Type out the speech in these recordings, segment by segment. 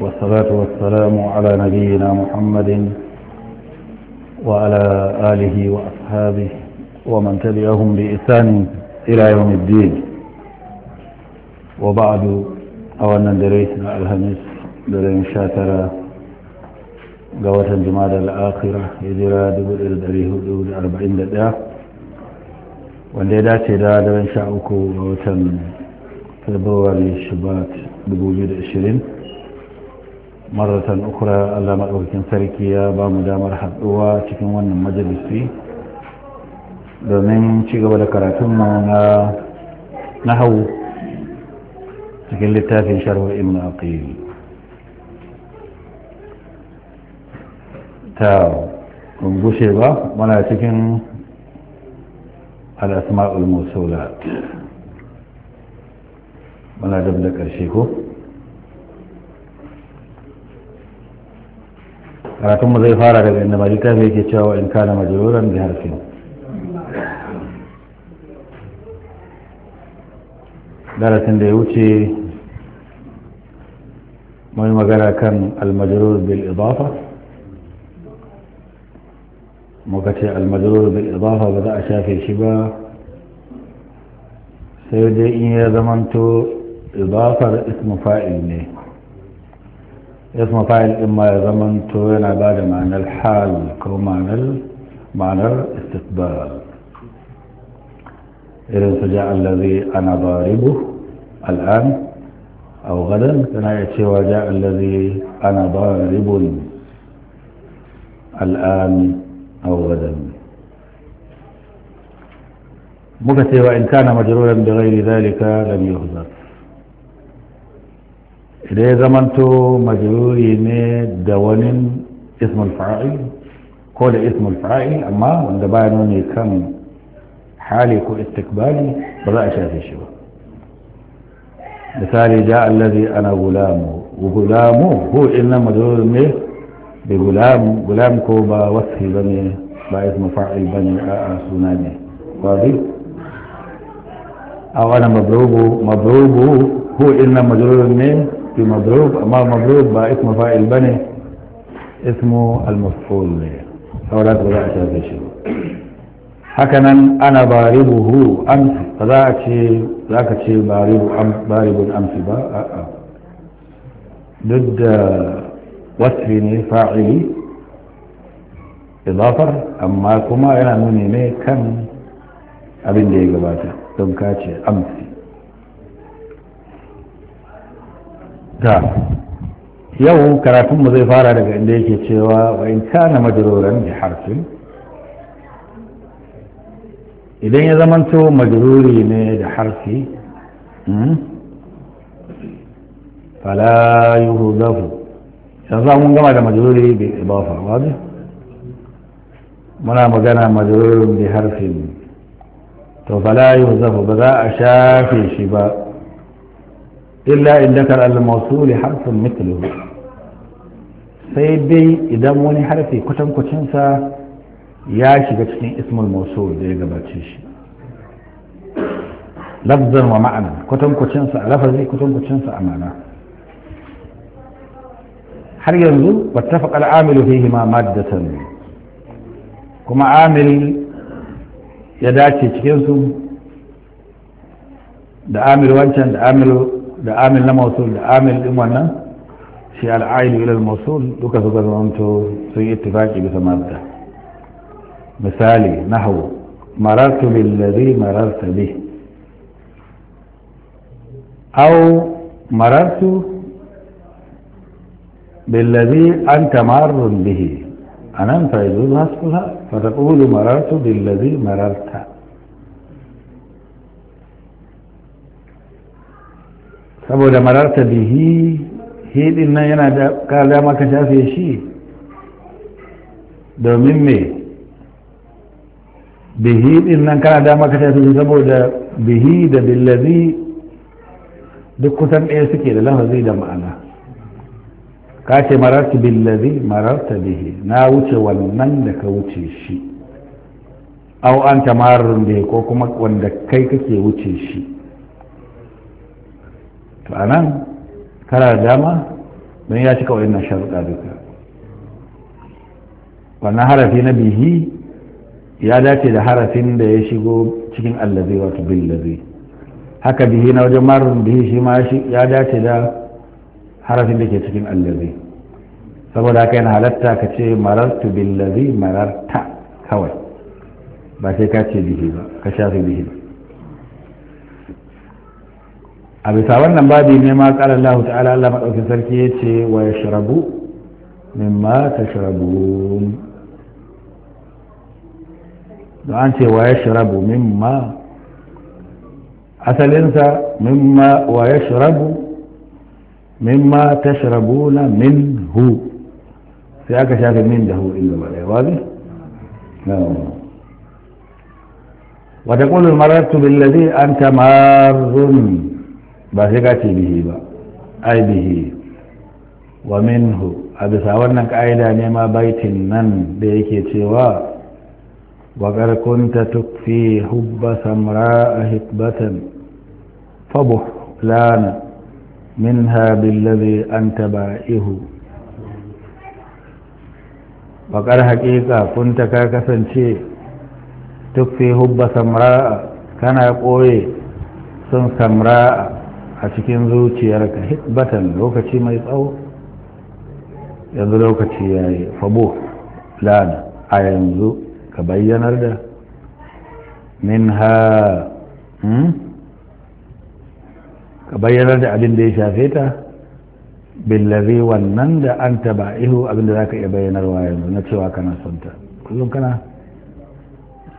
والصلاة والسلام على نبينا محمد وعلى آله وأصحابه ومن تبعهم بإحسان إلى يوم الدين وبعد أولا دريتنا الهمس درين شاترا قوة جمال الآخرة يجرى دبر الدريه دبر أربعين دقيقة wanda ya dace da daren sha uku ga watan february shabat 2020 maratan ukura allah maɗaukakin sarki ya ba mu damar haɗuwa cikin wannan majalisi domin ci gaba da karatunmu na nahawu cikin littafin sharhu ibn aqil ta gushe ba muna cikin al'asma'ul musula muna da ƙarshe ko karatun mu zai fara daga inda mai littafi yake cewa in kana majaluran bi harfin darasin da ya wuce mai magana kan almajalur bil idafa muka ce almajalur bil idafa ba za a shafe shi ba sai dai in ya zamanto idafar ismu fa'il ne اسم فاعل إما زمن توين عبادة معنى الحال كو معنى معنى الاستقبال إذا سجاء الذي أنا ضاربه الآن أو غدا كان يأتي وجاء الذي أنا ضارب الآن أو غدا مكتب وإن كان مجرورا بغير ذلك لم يهزر idan ya zamanto majruri ne da wani ismul fa'il ko da ismul fa'il amma wanda baya nuni kan hali ko istikbali ba za a shafe shi ba misali ja allazi ana gulamu gulamu hu inna majrur ne bi gulam gulam ko ba wasfi bane ba ismul fa'il bane a suna ne wazi aw ana mabrubu mabrubu hu inna majrur ne في مضروب ما مضروب بقى اسم فاعل بني اسمه المفعول به فولاد بضاعة هذا الشيء هكذا أنا ضاربه أمس فذاك شيء ذاك شيء ضارب أم ضارب أمس با آه، آه. ضد وصفني فاعلي إضافة أما كما أنا نوني كم ابن da ya gabata don ta yau karatunmu zai fara daga inda yake cewa wa in kana majruran bi harfin idan ya zamanto majruri ne da harfi hmm, fala yuhdafu yanzu mun gama da majruri bi idafa wadi muna magana majalorin bi harfin to fala yuhdafu ba za a shafe shi ba illa in dakar al-mawsul harfin mithluhu sai dai idan wani harfi kwatankwacin sa ya shiga cikin ismul mawsul da ya gabace shi lafzan wa ma'ana kwatankwacin sa lafazi kwatankwacin sa amana har yanzu wattafaqa al-amilu fihi ma maddatan kuma amil ya dace cikin su da amil wancan da amil da amil na mausul da amil din wannan shi al'ailu ilal mausul duka su zamanto sun yi ittifaki bisa mabda misali nahwu marartu bil ladhi mararta bi aw marartu bil ladhi anta marrun bihi anan fa yuzul hasbuha fa taqulu marartu bil ladhi mararta saboda mararta bihi hidin nan yana da kada maka shafe shi domin me bihi din nan kana da maka shafe shi saboda bihi da billazi duk kusan ɗaya suke da lafazi da ma'ana ka ce mararta billazi mararta bihi na wuce wannan da ka wuce shi au an tamarun ko kuma wanda kai kake wuce shi to a nan kana da dama don ya cika wa'in sharuɗa duka wannan harafi na bihi ya dace da harafin da ya shigo cikin allazi wato billazi haka bihi na wajen marin bihi shi ma ya dace da harafin da ke cikin allazi saboda haka yana halatta ka ce marartu billazi mararta kawai ba sai ka ce bihi ba ka shafi bihi ba a bisa wannan babi ne ma ƙara Allah ta'ala Allah madaukin sarki yace wa yashrabu mimma tashrabun da an ce wa yashrabu mimma asalin sa mimma wa yashrabu mimma tashrabuna minhu sai aka shafe min da hu inda ba ɗin gaba ɗaya wazi? وتقول maratu بالذي anta مار ba sai ka ce bihi ba ai bihi wa minhu a bisa wannan ka'ida ne ma baitin nan da yake cewa wa karkunta tukfi hubba samra a hikbatan fabu lana min ha billabi an taba ihu Waƙar haƙiƙa kunta ka kasance tukfi hubba samra'a? kana ƙoye sun samra'a a cikin zuciyarka hikbatan lokaci mai tsawo yanzu lokaci ya yi fabo lan a yanzu ka bayyanar da min ha hmm? ka bayyanar da abin da ya shafe ta billazi wannan da an taba ihu abin da za ka iya bayyanarwa yanzu na cewa kana sonta kullum kana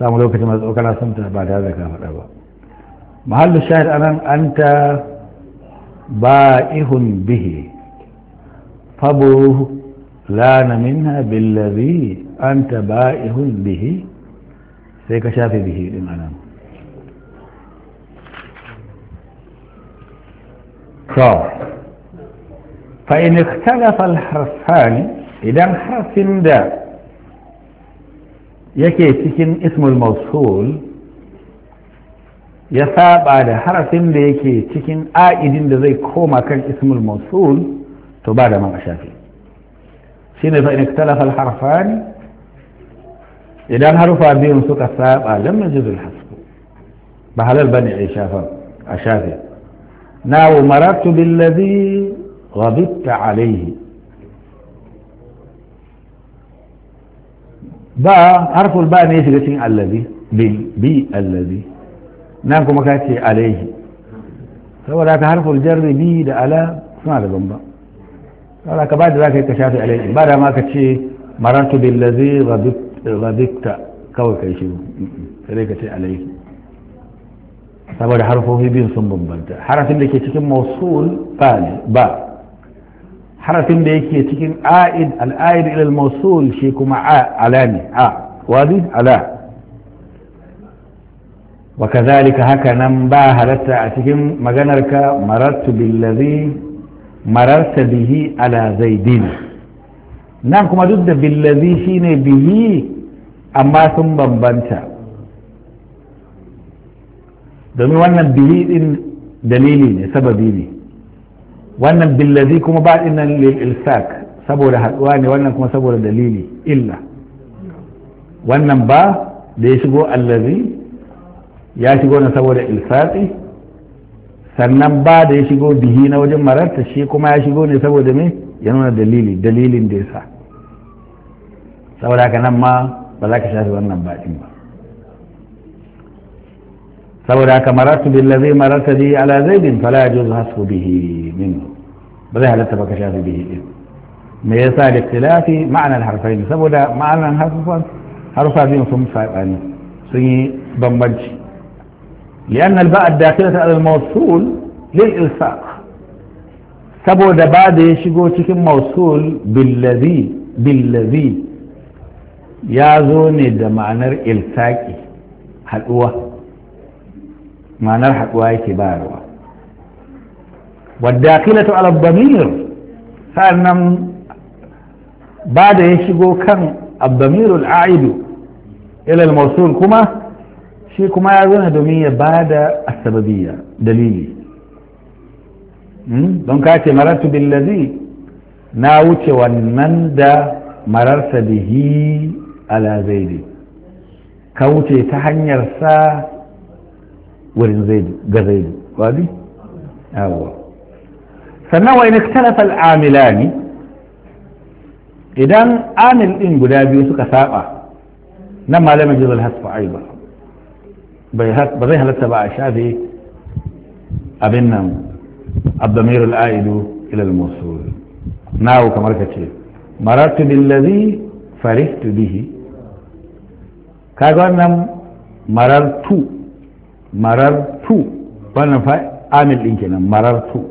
samu lokaci mai tsawo kana sonta ba tare da ka faɗa ba mahallin shahid anan an ta بائه به لان منها بالذي أنت بائه به سيك شافي به لمعنى طَيب. فإن اختلف الحرفان إذا حرف دا يكي تكن اسم الموصول ya saba da harafin da yake cikin a'idin da zai koma kan ismul mausul to ba da man a shafi shi ne fa'in ikhtalafa al-harfani idan harufa biyun suka saba lam yajizul hasbu ba halal bane a shafa a shafi nawo maratu billazi ghadibta alayhi ba harful ba ne shiga cikin allazi bi allazi nan kuma ka ce alaihi saboda ka harful jarri da ala suna da bamba saboda ka ba da za ka yi ka shafi alaihi ba da ma ka ce marartu billazi radikta kawai kai shi sai ka ce alaihi saboda harfofi biyun sun bambanta harafin da ke cikin mausul ba ne ba harafin da yake cikin a'id al'a'id ilal mausul shi kuma a ala ne a wadi ala wa kazalika haka nan ba halarta a cikin maganarka marartu billazi mararta bihi ala zaidin nan kuma duk da billazi shine bihi amma sun bambanta domin wannan bihi din dalili ne sababi ne wannan billazi kuma ba dinnan lil ilsak saboda haduwa ne wannan kuma saboda dalili illa wannan ba da ya shigo allazi ya shigo ne saboda ilsatsi sannan ba da ya shigo bihi na wajen mararta shi kuma ya shigo ne saboda me ya nuna dalili dalilin da ya sa saboda haka nan ma ba za ka shafi wannan baɗin ba saboda haka mararta bin lazai mararta bi ala bin fala jozu hasko bihi min ba zai halatta ba ka shafi bihi din me yasa da tilafi ma'anar harfain saboda ma'anar harfafan harfafin sun yi bambanci لأن الباء الداخلة على الموصول للإلصاق سبو دبادة يشيقو تكن موصول بالذي بالذي يازوني دمعنر إلساقي حلوة معنر حلوة كبارة والداخلة على الضمير فأنم بعد يشيقو كان الضمير العائد إلى الموصول كما shi kuma ya zo domin ya ba da asababiyya dalili don ka ce marartu billazi na wuce wannan da mararsa bihi ala zaidi ka wuce ta hanyar sa wurin zaidi ga zaidi wadi yawon sannan wa ina ikhtalafa al ne idan amil din guda biyu suka saba na malamin jizal hasfa aiba ba zai halarta ba a shafe abin nan abdamir al'aidu ilal musul nawo kamar ka ce maratu billazi farihtu bihi kaga wannan marartu marartu wannan fa amil din kenan marartu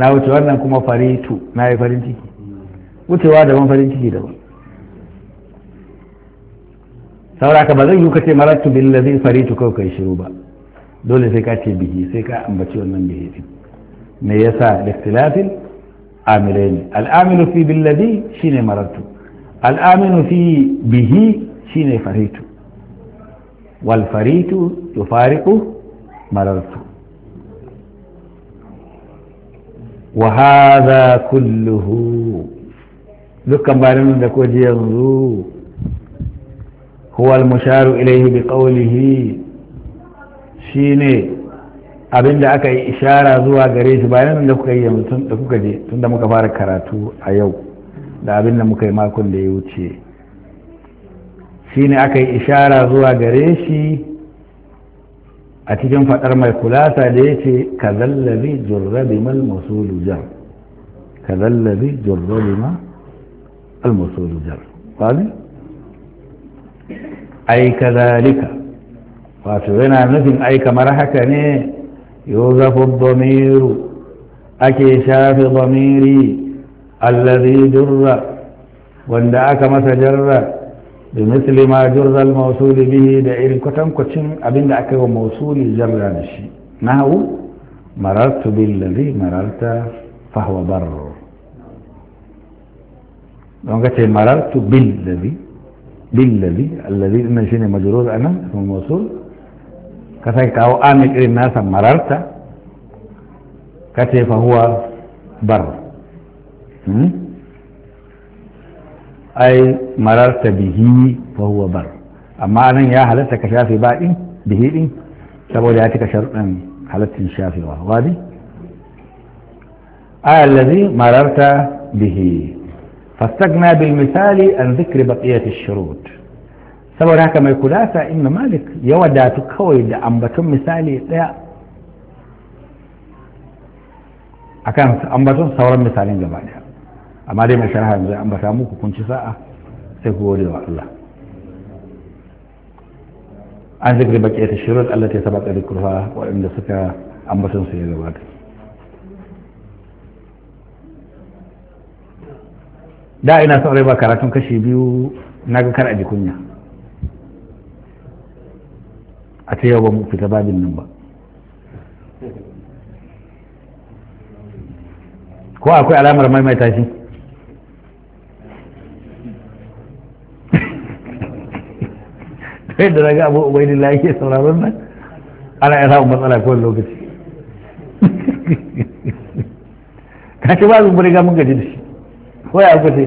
na wuce wannan kuma faritu na yi farin ciki wucewa daban farin ciki daban sauraka ba zan yi kace maratu bil ladhi faritu kau kai shiru ba dole sai ka ce bihi sai ka ambaci wannan bihi din me yasa da ikhtilafin amilaini al-amilu fi bil ladhi shine maratu al-aminu fi bihi shine faritu wal faritu yufariqu marartu wa hadha kulluhu dukkan bayanan da ko ji yanzu huwa al-musharu ilayhi bi qawlihi shine abinda aka yi ishara zuwa gare shi bayan da kuka yi da kuka je tunda muka fara karatu a yau da abinda muka yi makon da ya wuce shine aka yi ishara zuwa gare shi a cikin fadar mai kulasa da ya ce ka zallabi jurrabi mal masulujar ka zallabi jurrabi ma al masulujar ai kadhalika wato yana nufin ai kamar haka ne yuzafu dhamiru ake shafi dhamiri alladhi jurra wanda aka masa jarra bi misli ma jurra al bihi بمثل ما جرز الموصول به دائر كتم كتم أبين دعك وموصول جرى نشي نهو مررت بالذي مررت فهو بر دونك مررت بالذي بالذي الذي نشين مجرور أنا في الموصول كثي كاو آمك الناس مررت كثي فهو بر أي مررت به فهو بر أما ان يا حالتك كشافي بائن به إن تبو لياتك شرطا حالت شافي وهو هذه آه، الذي مررت به فاستجنى بالمثال أن ذكر بقية الشروط سبب هكا ما يقول هذا إن مالك يودا تكوي دا أم مثالي لا أكان أم بتم مثالين جمالها أما دي مثلا هم زي أم بتاموك وكون شساء سيكو ولي الله عن ذكر بقية الشروط التي سبق ذكرها وإن لسكا أم سيئة جمالها da ina son rai ba karatun kashi biyu na ga kar a jikunya kunya a ce yau ba mu fita babin nan ba ko akwai alamar maimaita shi sai da raga abu ubaidin la sauraron nan ana yana samun matsala kowane lokaci kashi ba zubin ga mun gaji da shi ko ya kuce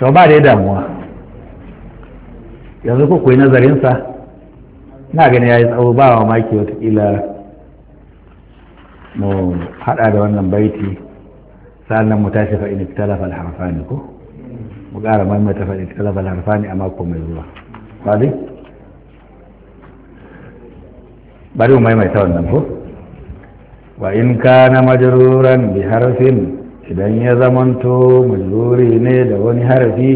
to ba da ya damuwa yanzu ko kuwa nazarinsa na gani ya yi tsawo ba wa maki watakila mu hada da wannan baiti sannan mu tashi fa'in ikitalafa harfani ko mu ƙara maimaita fa'in ikitalafa harfani a mako mai zuwa ba dai bari mu maimaita wannan ko wa in kana majruran bi harfin idan ya zamanto majruri ne da wani harafi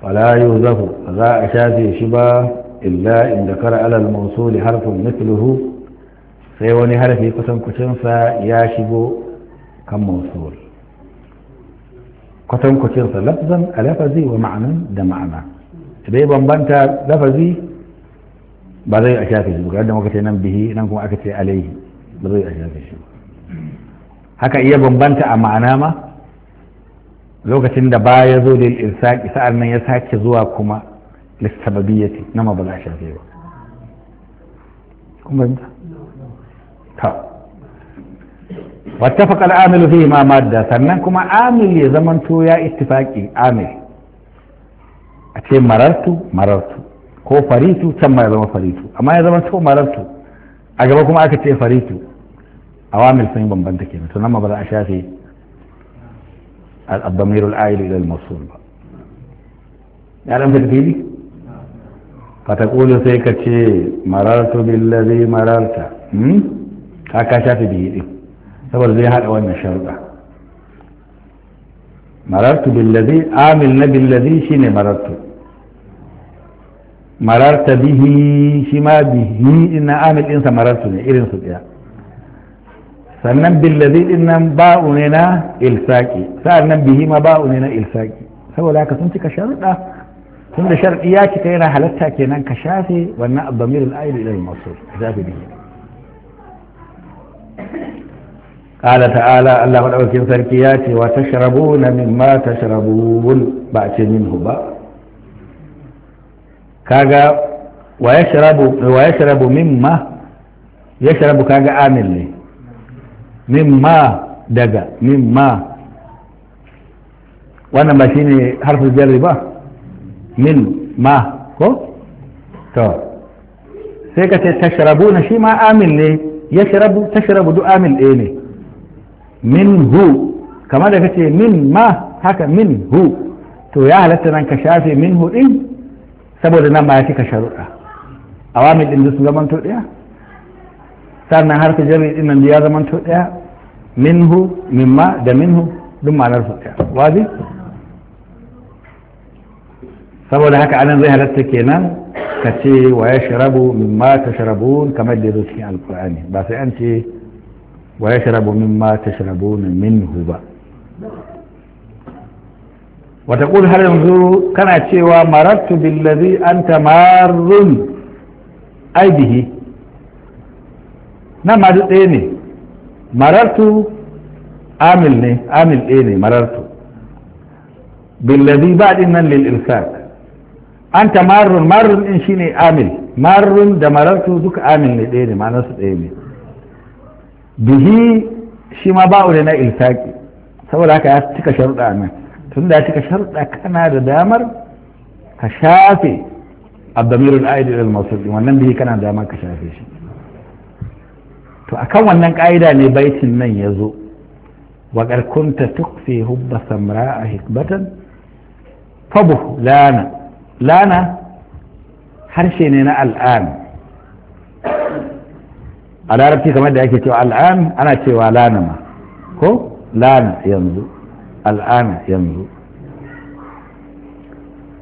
fala yuzafu za a shafe shi ba illa in dakara alal mawsul harfun mithluhu sai wani harfi kusan kucinsa ya shigo kan mawsul kusan kucinsa lafzan alafazi lafazi wa ma'anan da ma'ana bai bambanta lafazi ba zai a shafe shi ba da muka ce nan bihi nan kuma aka ce alaihi ba zai yarda da shi haka iya bambanta a ma'ana ma lokacin da ba ya zo da irsaki sa'an nan ya sake zuwa kuma lissababiyyati na ma ba za a shafe ba kuma ta wata faƙar amilu fihi ma madda sannan kuma amil ya zamanto ya ittifaqi amil a ce marartu marartu ko faritu can ma ya zama faritu amma ya zama to marartu a gaba kuma aka ce faritu أوامل سنين بمبنتك تنمى بلا أشياء الضمير الآيل إلى الموصول يعلم يعني تكتيلي فتقول سيكا تشي مررت بالذي مررت هكا شافي به سبب زيها الأول من الشرطة مررت بالذي آمل نبي الذي شيني مررت مررت به شما به إن آمل إنسا مررتني إرنسو بيها sannan billazi din nan ba'u ne na ilsaki sa'annan bihi ma ba'u ne na ilsaki saboda haka sun cika sharuɗa tun da sharɗi ya cika yana halatta kenan ka shafe wannan abdamir al-ayyid ila al-mawsul shafe bihi قال تعالى الله مدعوكين سركياتي ba مما تشربون بعد منه بقى كاغا ويشرب ويشرب مما يشرب كاغا عامل ne. mimma daga mimma wannan ba shi ne harfin jarri ba min ma ko to sai ka ce tashrabu na shi ma amin ne ya shirabu tashrabu duk amin ɗaya ne min hu kamar da kace min ma haka min hu to ya halatta nan ka shafe min hu din saboda nan ma ya ka sharuɗa awamin ɗin duk sun zamanto ɗaya سارنا حرف جري ان الياض من تؤيا منه مما ده منه دم معنى رفقا واضح فبولا هكا عن الظهر التكينا كتي ويشرب مما تشربون كما يدرس في القرآن بس أنت ويشرب مما تشربون منه با وتقول هل انظروا كان اتشي ومررت بالذي أنت مار أي به nan ma duk ɗaya ne marartu amil ne amil ɗaya ne marartu billazi ba ɗin nan lil irsak anta marrun marrun din shine amil marrun da marartu duka amil ne ɗaya ne ma'anar su ɗaya ne bihi shi ma ba'u ne na ilsaki saboda haka ya cika sharuɗa nan tun da ya cika sharuɗa kana da damar ka shafe abdamirul aidi al mawsul wannan bihi kana da damar ka shafe shi to a kan wannan ƙa'ida ne baitin nan ya zo waƙar kunta tukfi hubba samra a hikbatan fabu lana lana harshe ne na al'an a larabci kamar da ake cewa al'an ana cewa lana ma ko lana yanzu al'ana yanzu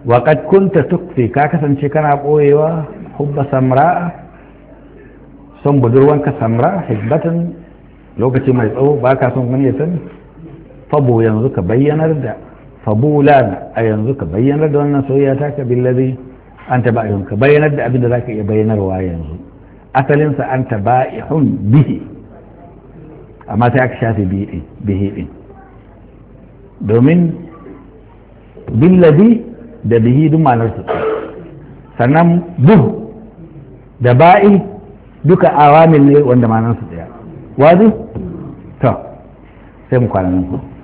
waƙad kunta tukfi ka kasance kana ɓoyewa hubba samra'a son budurwanka samra hikbatan lokaci mai tsawo ba ka son wani ya sani fabo yanzu ka bayyanar da fabulan a yanzu ka bayyanar da wannan soyayya ta ka billazi an ta ba'ihun ka bayyanar da abin da za ka iya bayyanarwa yanzu asalinsa an ta ba'ihun bihi amma sai aka shafe bihi din domin billazi da bihi duk ma'anarsu sannan buh da ba'i duka awamin ne wanda manansu daya wazi to sai mu kwana nan